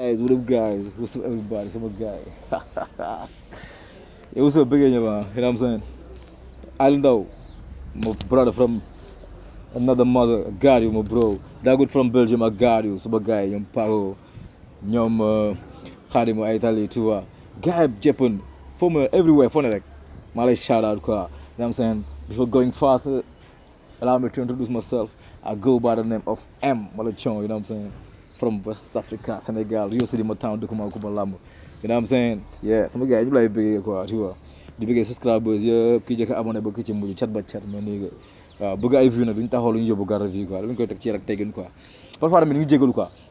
Guys, what up guys? What's up everybody? It's up guy? It what's up big man? You know what I'm saying? don't know. My brother from another mother, I you my bro. That good from Belgium, I got you. So my guy, yung paro. Nyom uh, khadi mo Italy too. Uh. Guy Japan, from uh, everywhere, from like Malay shout out kwa. You know what I'm saying? Before going faster, allow me to introduce myself. I go by the name of M Malachon, you know what I'm saying? from West Africa, Senegal, you see the town, the Kumaku Malamo. You know what I'm saying? Yeah, some guy, you like big, uh, you are. The biggest subscribers, you can get abonnable kitchen with chat by chat, man. Buga, if you know, winter hall in your Buga review, I'm going to take a take in quoi. But for a minute, you go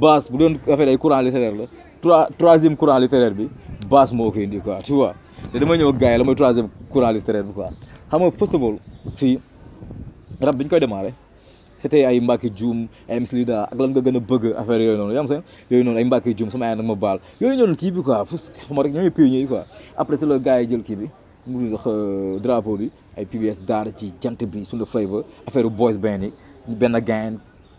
base bu doon affaire ay courant littéraire la trois troisième courant littéraire bi base moo koy indi quoi tu vois te dama ñëw ak gars yi la mooy troisième courant littéraire bi quoi xam nga first of all fii rab bi ñu koy démarré c'était ay Mbacke Dioum ay MC Lida ak lan nga gën a bëgg affaire yooyu noonu yoo xam seen yooyu noonu ay Mbacke Dioum sama yaay nag ma baal yooyu ñoonu kii bi quoi fu xama rek ñooy pionniers yi quoi après c'est le gars yi jël kii bi mu sax euh, drapeau bi ay PBS daara ci jant bi suñu flavor affaire boys band yi benn gain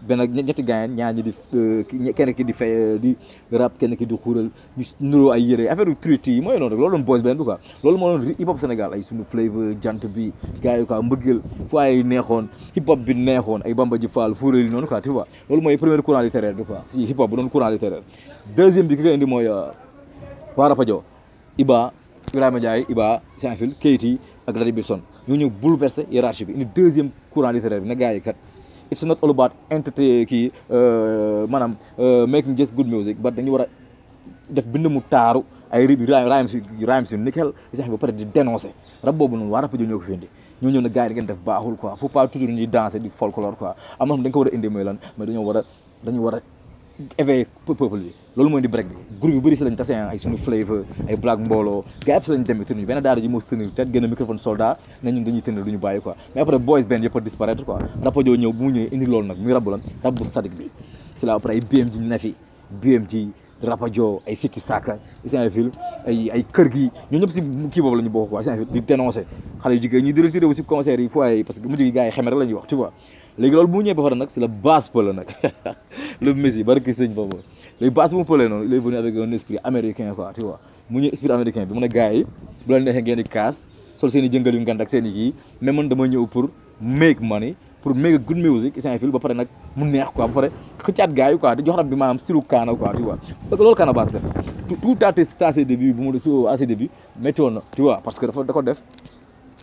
benn ñetti gars yi ñaar ñi di euh, kenn ki di fay euh, di rap kenn ki di xuural ñu nuroo ay yére affaire yu yi mooy noonu rek loolu doon boys benn bi quoi loolu moo doon hip hop Sénégal ay sunu flavour jant bi gars yi quoi mbëggeel ay neexoon hip hop bi neexoon ay Bamba ji Fall fuural yi noonu quoi tu vois loolu mooy premier courant littéraire bi quoi si hip hop bu doon courant littéraire deuxième bi ki indi mooy euh, waa Rapadio Iba Ibrahima Ndiaye Iba Saint-Fil Keyti ak Larry Bibson ñu ñëw bouleversé hiérarchie bi indi deuxième courant littéraire bi na gars yi kat it's not all about entité kii euh, maanaam euh, making just good music but dañu war a def bind mu taaru ay rib rhymes yu rhymes yu sax ba pare di dénoncer rab boobu noonu waa rap ñoo ko fi indi ñoo ñëw ne gars yi di ngeen def baaxul quoi faut pas toujours ñuy danser di folklore quoi am na xam a indi mooy lan mais a dañu war a éveillé peuple bi loolu mooy di break bi groupe yu bëri si lañ tase ay suñu flavor ay black mbooloo gars yëpp si lañ demee tenue benn daara ji moo si tenue peut-être gën a microphone soldat ne ñun dañuy tenue du ñu bàyyi quoi mais après boys band yëpp a disparaître quoi Rapadio ñëw bu mu ñëwee indi loolu nag muy rabu lan rab bu sadik bi c'est là après ay BMG ñu ne fi BMG Rapadio ay Sikki Saka Saint-Ville ay ay kër gi ñoo ñëpp si kii boobu la ñu bokk quoi Saint-Ville di dénoncer xale yu jigéen ñi di retiré wu si concert yi fois yi parce que mujj gi gars yi xemere la ñuy wax tu vois léegi loolu bu mu ñëwee ba pare nag c'est la base pël nag le Messi barki sëñ boobu léegi base bu mu pëlee noonu il est venu avec un esprit américain quoi tu vois mu ñëw esprit américain bi mu ne gars yi bu la neexee ngeen kaas sol seen i jëngal yu ngand kii mais dama ñëw pour make money pour make good music saint fil ba pare nag mu neex quoi ba pare xëccaat gars yi quoi di jox rab bi maanaam silu kaana quoi tu vois loolu kaana base def tout à fait ko def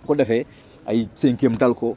ko defee ay cinquième dal ko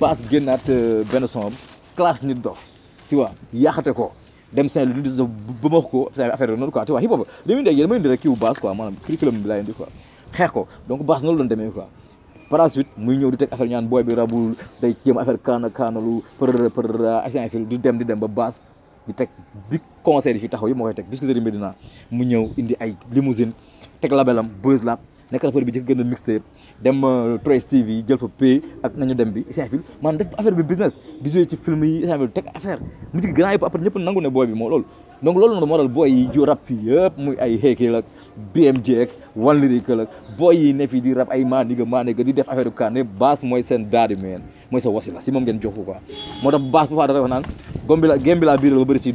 paas génnaat euh, benn somam classe nit dof tu vois yaaxate ko dem Saint-Louis lu dis ba ma ko affaire noonu quoi tu vois hip hop damuy ndey damay indi rek kiiwu base quoi maanaam curriculum bi laay indi quoi xeex ko donc base noonu la doon demee quoi par la suite muy ñëw di teg affaire ñaan booy bi rabul day jéem affaire kaana kaanalu për për ancien fil di dem di dem ba base di teg bi concert yi fi taxaw yi moo koy teg Biscuiterie Médina mu ñëw indi ay limousine teg labelam Buzz Lab nekk rappeur bi jëkk gën a mixtape dem euh, Trace TV jël fa pay ak nañu dem bi isafil maanaam def affaire bi business di jouer ci film yi isafil teg affaire mu ci grand yëpp après ñëpp nangu ne booy bi moo loolu donc loolu noonu moo dal booy yi ju rap fii yëpp muy ay Hakill ak BMJ ak One Lyrical ak booy yi ne fii di rap ay Maniga Maniga di def affaire bu kaane baas mooy seen daadi meen mooy sa wasila si moom ngeen jox ko moo tax baas bu faa dafay wax la gembi laa biiral ba bëri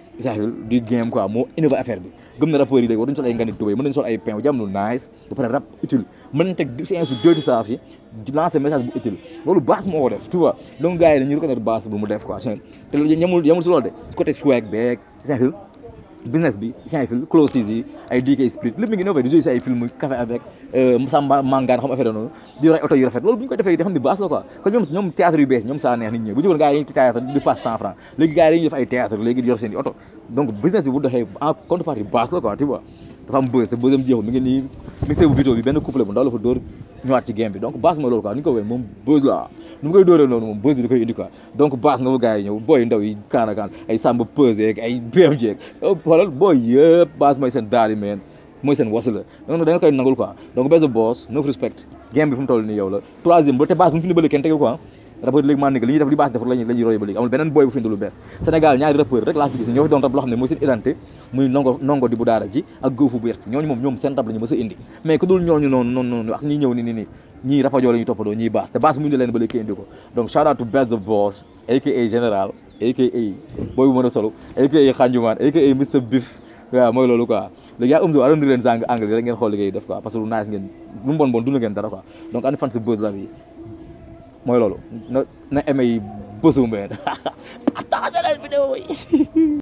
saafil du game quoi moo innové affaire bi gëm na rappeurs yi léegi war nañu sol ay nganit tubéy mën nañu sol ay pain jàmm lu nice ba pare rap utile mën nañ teg séance jooju saaf yi di lancer message bu utile loolu baas moo ko def tu vois donc gars yi dañuy reconnaître baas bu mu def quoi te swag beeg business bi si ay film closes yi ay DK Spirit lépp mi ngi innové di jouer si ay film café avec euh, Samba Mangane xam affaire noonu di yor ay oto yu rafet loolu bu ñu ko defee di xam ne base la bu jëkkoon gars yi dañuy théâtre di passe cent di yor donc business bi bu doxee en contrepartie base la quoi tu vois dafa am buzz te buzzam jeexul mi ngi nii mixtape bu vidéo bi benn couplet bu ndaw la fa dóor ñëwaat ci game donc base mooy loolu quoi ni a kaan ay Samba Peuzé ak ay BMJ ak booy yëpp base mooy seen daal yi meen mooy seen wasu la donc da nga koy nangul quoi Respect game bi fu mu toll la troisième ba te base mu fi bële kenn tege quoi rappeur léegi maanaam li ñuy def li lañuy la ñuy léegi amul ni ñoo fi rab loo xam ne mooy seen identité rab a indi mais ni ni nii ñii rapajoo léegi indi ko donc shout out a léegi yaa Omzo arrondir lu nice ngeen lu mu ngeen dara quoi donc ani fan si buzz la bi mooy loolu na na aimé yi bësu mbeen partagé leen vidéo yi